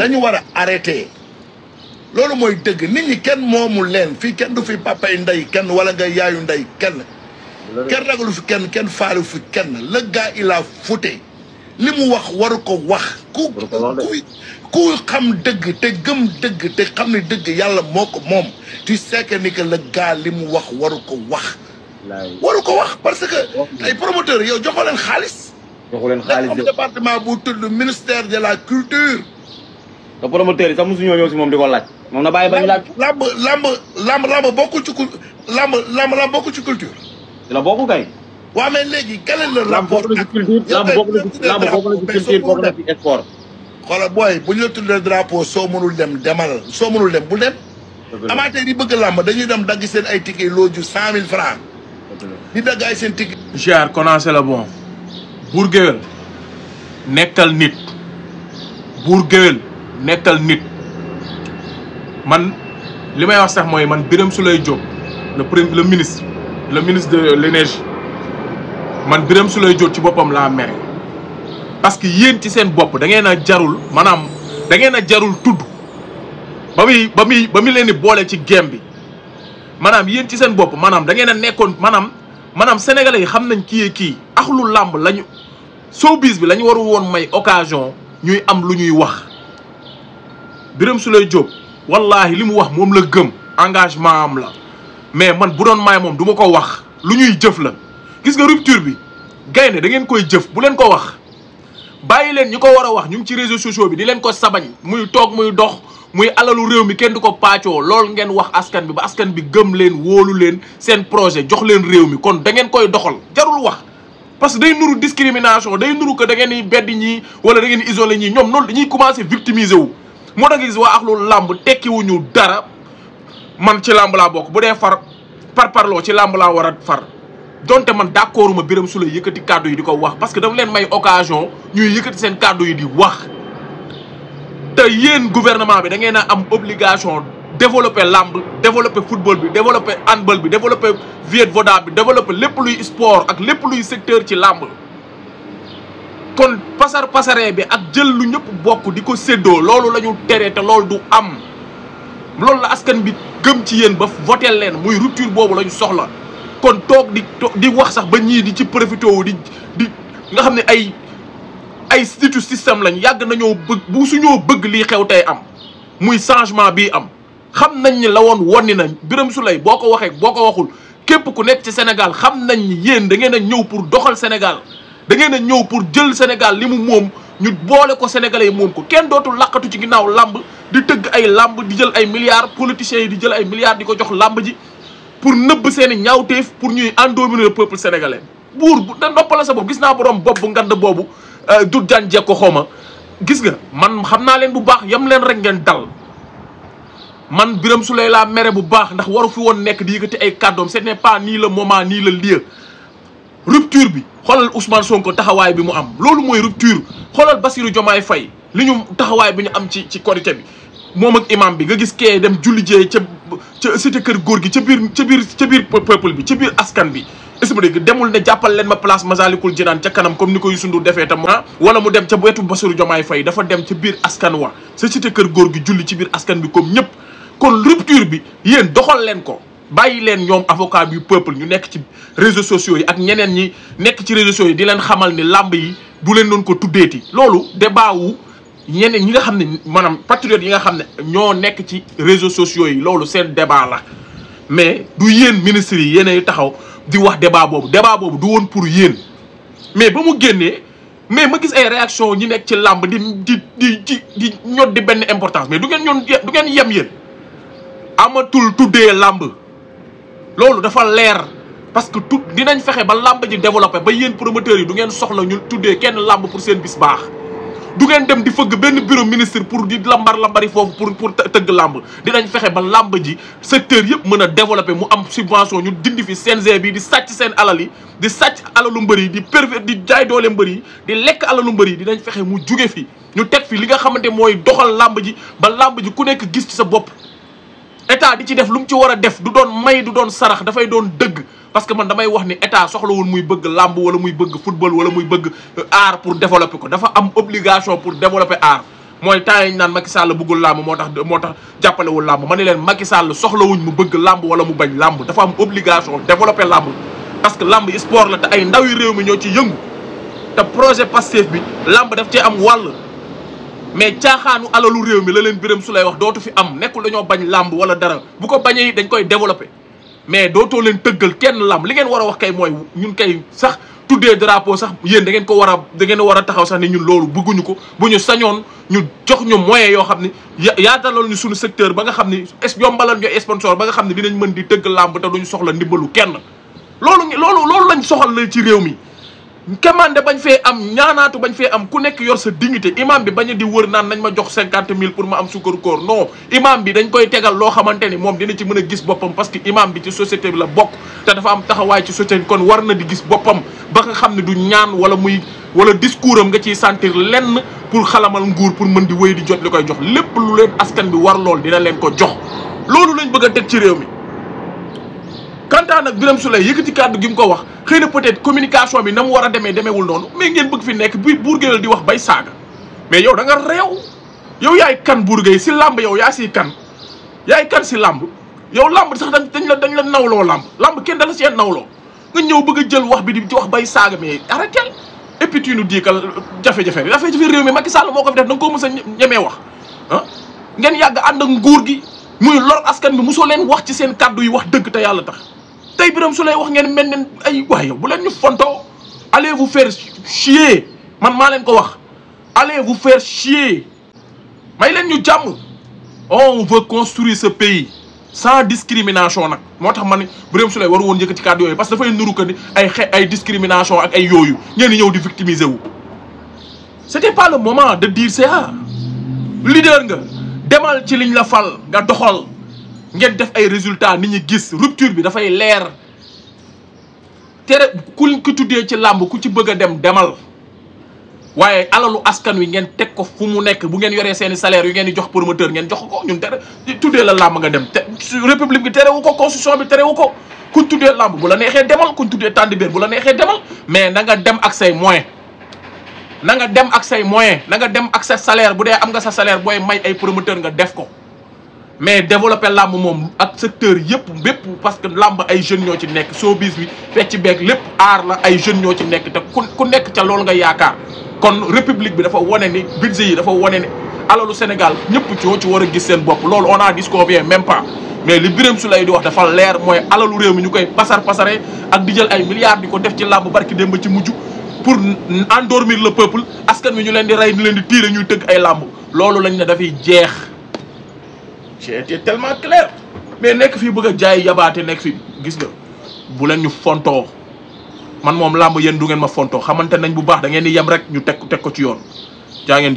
lañu wara war a arrêté loolu mooy dëgg nit ñi kenn momu len fi kenn du fi papa nday kenn wala nga yaayu nday kenn kenn ragalu fi kenn kenn faalu fi kenn le gars il a fouté limu wax waru ko wax ku ku ku xam deug te gem deug te xam ni deug yalla moko ko tu sais que ni que le gars limu wax waru ko wax waru ko wax parce que ay promoteur yow joxolen leen joxolen joxo leen département bu tuddu ministère de la culture te promoteur yi sax mosu ñoo ñëw si moom di ko laaj. moom na bàyyi bañ laaj. lamb lamb lamb lamb bokkul ci culture lamb lamb lamb bokkul ci culture. di la bokku kay. waaw mais léegi keneen la. lamb bokkul ci culture lamb bokkul ci lamb bokkul ci culture bokkul ci sport. xoolal booy bu ñu la tuddee drapeau soo mënul dem demal soo mënul dem bu dem. amateur yi bëgg làmb dañuy dem dagg seen ay ticket looju cent mille francs di dagg ay seen ticket. Giar commencé la bon. Bour Gueweul nekkal nit. Bour Gueweul. nekkal nit man li may wax sax mooy man Birame Souleye Diop le premier le ministre le ministre de l'énergie man Birame Souleye jot ci boppam laa mere parce que yéen ci seen bopp da ngeen a jarul maanaam da ngeen a jarul tudd ba muy ba muy ba muy leen di boole ci gem bi maanaam yéen ci seen bopp maanaam da ngeen a nekkoon maanaam maanaam sénégalais yi xam nañ kii kii axlu làmb lañu showbiz bi lañu warul woon may occasion ñuy am lu ñuy wax Birame sur Diop wallahi limu wax mom la gëm engagement am la mais man bu doon du ma ko wax luñuy ñuy jëf la gis nga rupture bi que da ngeen koy jëf bu qu'on ko wax bayi len ñuko wara wax ñu ci réseaux sociaux bi di len ko muy tok muy dox muy alalu kenn duko ngeen wax askan bi ba askan bi gëm len len projet jox len réew mi kon da ngeen koy doxal jarul wax parce que day nuru discrimination day nuru que da ngeen ni beddi ñi wala da ngeen victimiser mo da nga gis waa lamb làmb wuñu dara man ci lamb la bok budé far par parlo ci lamb la wara far donte man d'accordu ma Birame Souleye yëkkati kàddu yi diko wax parce que dafa leen may occasion ñuy yëkëti seen cadeau yi di wax té yeen gouvernement bi da ngay na am obligation développer lamb développer football bi développer handball bi développer viet voda bi développer lépp luy sport ak lépp luy secteur ci lamb kon pasar pasare bi ak jël lu ñëpp bokk di seddo séddoo loolu la ñu tere du am loolu la askan bi gëm ci yeen ba votel leen muy rupture bobu lañu soxla kon tok di di wax sax ba ñi di ci di di nga xamné ay ay statut système lañ yag nañu bëgg bu suñu bëgg li xew tay am muy changement bi am xam nañ ni la won woni nañ Birame sulay boko waxe boko Senegal waxul képp ku nekk ci Sénégal xam nañ ni yeen da ngeen pour doxal Sénégal da ngay na ñew pour jël Sénégal limu mom ñu bolé ko sénégalais mom ko kèn dootul lakatu ci ginnaaw lamb di teug ay lamb di jël ay milliards politiciens di jël ay milliards diko ko jox lamb ji pour neub seen ñaawteef pour ñuy endominer le peuple sénégalais. buur da noppala sa bob gis na borom bob bu ngand boobu jekko euh, xoma gis nga man xamna len bu baax yam len rek ngeen dal man biram sulayla mère bu baax ndax waru fi won nek di ay ce n'est pas ni le moment ni le lieu rupture bi xoolal Ousmane Sonko taxawaay bi mu am loolu mooy rupture xoolal Bassirou Diomaye fay li ñu taxawaay bi ñu am ci ci korité bi moom ak imam bi nga gis kee dem julli jee ca ca cité kër góor gi ca biir ca biir ca biir peuple bi ca biir askan bi est-ce que dégg demul ne leen ma place Masalikul Jinaan ca kanam comme ni ko Youssou Ndour defee tam wala mu dem ca wetu Bassirou Diomaye Faye dafa dem ca biir askan wa sa cité kër góor gi julli ci biir askan bi comme ñëpp kon rupture bi yéen doxal leen ko bàyyi leen ñoom avocat du peuple ñu nekk ci réseaux sociaux yi ak ñeneen ñi nekk ci réseaux sociaux yi di leen xamal ni làmb yi du leen doon ko tuddeeti loolu débat wu ñeneen ñi nga xam ne maanaam patriotes yi nga xam ne ñoo nekk ci réseaux sociaux yi loolu seen débat la mais du yéen ministre yi yéenay taxaw di wax débat boobu débat boobu du woon pour yéen mais ba mu génnee mais ma gis ay réaction ñi nekk ci làmb di di di di di ñot di benn important mais du ngeen ñoon du ngeen yem yéen amatul tuddee làmb loolu dafa leer parce que tout dinañ fexe ba làmb ji développé ba yéen promoteurs yi du ngeen soxla ñu tuddee kenn làmb pour seen bis baax du ngeen dem di fëgg benn bureau ministre pour di lambar lambari foofu pour pour tëgg làmb dinañ fexe ba làmb ji secteur yëpp mën a développé mu am subvention ñu dindi fi CNG bi di sàcc seen alal yi di sàcc alalu mbër yi di pervers di jaay doole mbër yi di lekk alalu mbër yi dinañ fexe mu juge fi ñu teg fi li nga xamante mooy doxal làmb ji ba làmb ji ku nekk gis sa bopp état di ci def lu mu ci war a def du doon may du doon sarax dafay doon dëgg parce que man damay wax ni état soxlawul muy làmb wala muy bëgg football wala muy bëgg euh, art pour développer ko dafa am obligation pour développer art mooy temps yi naan Macky Sall bëggul làmb moo tax moo tax jàppalewul làmb ma ne leen Macky Sall soxlawuñ mu bëgg làmb wala mu bañ làmb dafa am obligation développer làmb parce que làmb sport la te ay ndaw yu réew mi ñoo ci yëngu te projet Pastef bi làmb daf ci am wàll mais caaxaanu alalu réew mi la leen su lay wax dootu fi am nekkul dañoo bañ làmb wala dara bu ko bañee dañ koy développé mais dootoo leen tëggal kenn làmb li ngeen war a wax kay mooy ñun kay sax tuddee drapeau sax yéen da ngeen ko war a da ngeen war a taxaw sax ni ñun loolu bëgguñu ko bu ñu sañoon ñu jox ñu moyen yoo xam ni yaataloon ñu suñu secteur ba nga xam ni yombalal ñu sponsor ba nga xam ne dinañ mën di tëgg làmb te duñu soxla ndimbalu kenn loolu loolu loolu lañ soxal la ci réew mi kemande bañ fee am ñaanaatu bañ fee am ku nekk yor sa dignité imam bi bañ a di wër naan nañ ma jox cinquante mille pour ma am sukkaru koor noo imam bi dañ koy tegal loo xamante ni moom dina ci mën a gis boppam parce que imam bi ci société bi la bokk te dafa am taxawaay ci société bi kon war na di gis boppam ba nga xam ne du ñaan wala muy wala discours am nga ciy sentir lenn pour xalamal nguur pour mën di wéy di jot li koy jox lépp lu leen askan bi war lool dina leen ko jox loolu lañ bëgg a teg ci réew mi kanta nak biram souley yëkëti kaddu gi mu ko wax xeyna peut-être communication bi nam wara démé démé wul non mais ngeen bëgg fi nek bu bourguel di wax bay saga mais yow da nga rew yow yaay kan bourguel si lamb yow yaa si kan yaay kan si lamb yow lamb sax dañ la dañ la nawlo lamb lamb kenn dala ci nawlo nga ñew bëgg jël wax bi di wax bay saga mais arrêtel et puis tu nous dis que jafé jafé fay jafé rew mi Macky Sall moko fi def nang ko mësa ñëmé wax hein ah? ngeen yag and ak nguur gi muy lor askan bi muso len wax ci seen kaddu yi wax deug te yalla tax tey Birame soulay wax ngeen melne ay waay yow bu len ñu fonto allez vous faire chier man ma len ko wax allez vous faire chier may len ñu jamm on veut construire ce pays sans discrimination nak motax man ma soulay Birame Souleye waru woon yëkkati kàddu yooyu parce que fay nuru ke ni ay ay discrimination ak ay yooyu ñenn ñëw di victimiser wu c'était pas le moment de dire ça leader nga demal ci liñ la fal ga doxol ngeen def ay résultat nit ñi gis rupture bi fay leer tere ku ku tuddé ci lamb ku ci bëgg dem demal waye alalu askan wi ngeen tek ko fu mu nekk bu ngeen yoré seen salaire yu ngeen di jox promoteur ngeen jox ko ñun tere tuddé la lamb nga dem te république bi téré wuko constitution bi téré wuko ku tuddé lamb bu la neexee demal tuddé tande bir bu la nexé demal mais na nga dem ak say moyens na nga dem ak say moyens na nga dem ak sa salaire bu dé am nga sa salaire boy may ay promoteur nga def ko mais développer la mom ak secteur parce que lamb ay jeune ñoo ci nekk showbiz bi fecc beeg lepp aar la ay jeunes ñoo ci te ku nga kon république bi dafa woné ni budget yi dafa Sénégal n'y ci wara gis sen bop lool on a qu'on bien même pas mais li Birame Souleye di wax dafa moy alalu réew mi ñukay passer ak di ay milliards diko def ci pour endormir le peuple askan ce ñu leen di ray ñu leen di ñuy ay j'ai été tellement clair mais nekk fii bëgg a jaay yabaate nekk fi gis nga bu leen ñu fontoo man moom làmb yéen du ngeen ma fontoo xamante nañ bu baax da ngeen di yem rek ñu teg teg ko ci yoon jaa ngeen